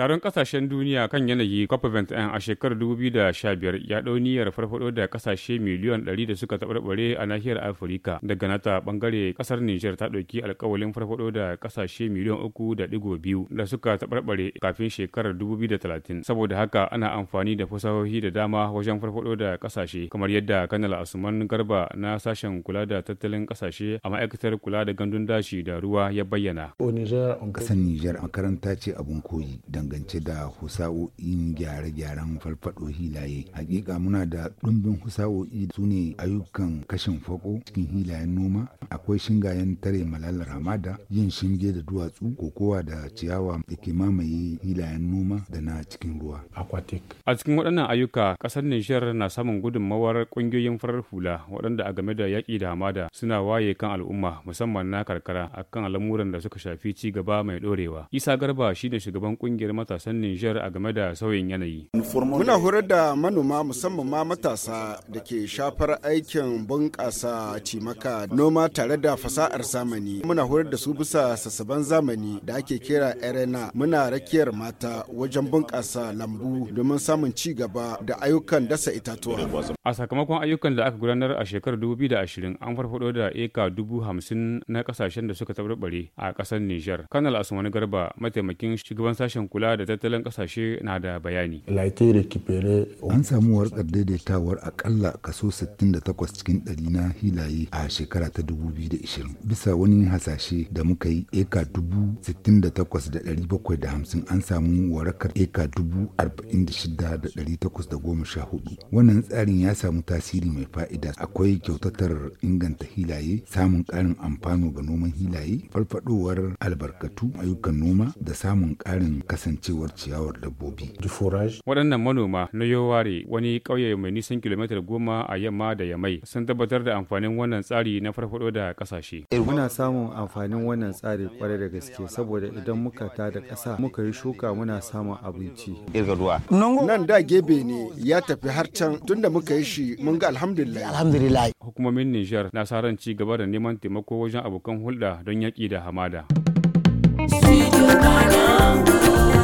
Taron kasashen duniya kan yanayi COP21 a shekarar 2015 ya ɗau niyyar farfaɗo da kasashe miliyan 100 da suka taɓarɓare a nahiyar Afirka. Daga nata bangare ƙasar Nijar ta ɗauki alkawalin farfaɗo da kasashe miliyan 3.2 da suka taɓarɓare kafin shekarar 2030. Saboda haka ana amfani da fasahohi da dama wajen farfaɗo da kasashe kamar yadda Kanal Asuman Garba na sashen kula da tattalin kasashe a ma'aikatar kula da gandun dashi da ruwa ya bayyana. Ƙasar Nijar makaranta ce abun koyi dangance da husa'o'in gyare-gyaren farfado hilaye hakika muna da ɗumbin husa'o'i su ne ayyukan kashin fako cikin hilayen noma akwai shingayen tare malalar hamada yin shinge da duwatsu kokowa da ciyawa da ke mamaye hilayen noma da na cikin ruwa a cikin waɗannan ayyuka ƙasar nijar na samun gudunmawar ƙungiyoyin farar hula waɗanda a game da yaƙi da hamada suna waye kan al'umma musamman na karkara akan al'amuran da suka shafi ci gaba mai ɗorewa isa garba shine shugaban ƙungiyar matasan Nijar a game da sauyin yanayi. Muna horar da manoma musamman ma matasa da ke shafar aikin bunƙasa cimaka noma tare da fasa'ar zamani. Muna horar da su bisa sassaban zamani da ake kira arena muna rakiyar mata wajen bunƙasa lambu domin samun ci gaba da ayyukan dasa itatuwa. A sakamakon ayyukan da aka gudanar a shekarar 2020 an farfado da eka dubu hamsin na ƙasashen da suka tabarbare a ƙasar Nijar. Kanal Asumani Garba mataimakin shugaban sashen kula da tattalin kasashe na da bayani. An samu wartsar daidaitawar akalla kaso 68 cikin ɗari na hilaye a shekara ta 2020. Bisa wani hasashe da muka yi eka 68,750 an samu warakar eka 46,814. Wannan tsarin ya samu tasiri mai fa'ida akwai kyautatar inganta hilaye, samun ƙarin amfano ga noman hilaye, farfadowar albarkatu ayyukan noma da samun karin kasance kasancewar ciyawar dabbobi. Waɗannan manoma na Yoware wani ƙauye mai nisan kilomita goma a yamma da yamai sun tabbatar da amfanin wannan tsari na farfaɗo da ƙasashe. Eh, muna samun amfanin wannan tsari kwarai da gaske saboda idan muka ta da ƙasa muka yi shuka muna samun abinci. Nan da gebe ne ya tafi har can tunda muka yi shi mun ga alhamdulillah. Hukumomin Nijar na sa ran ci gaba da neman taimako wajen abokan hulɗa don yaƙi da hamada. Studio Malambo.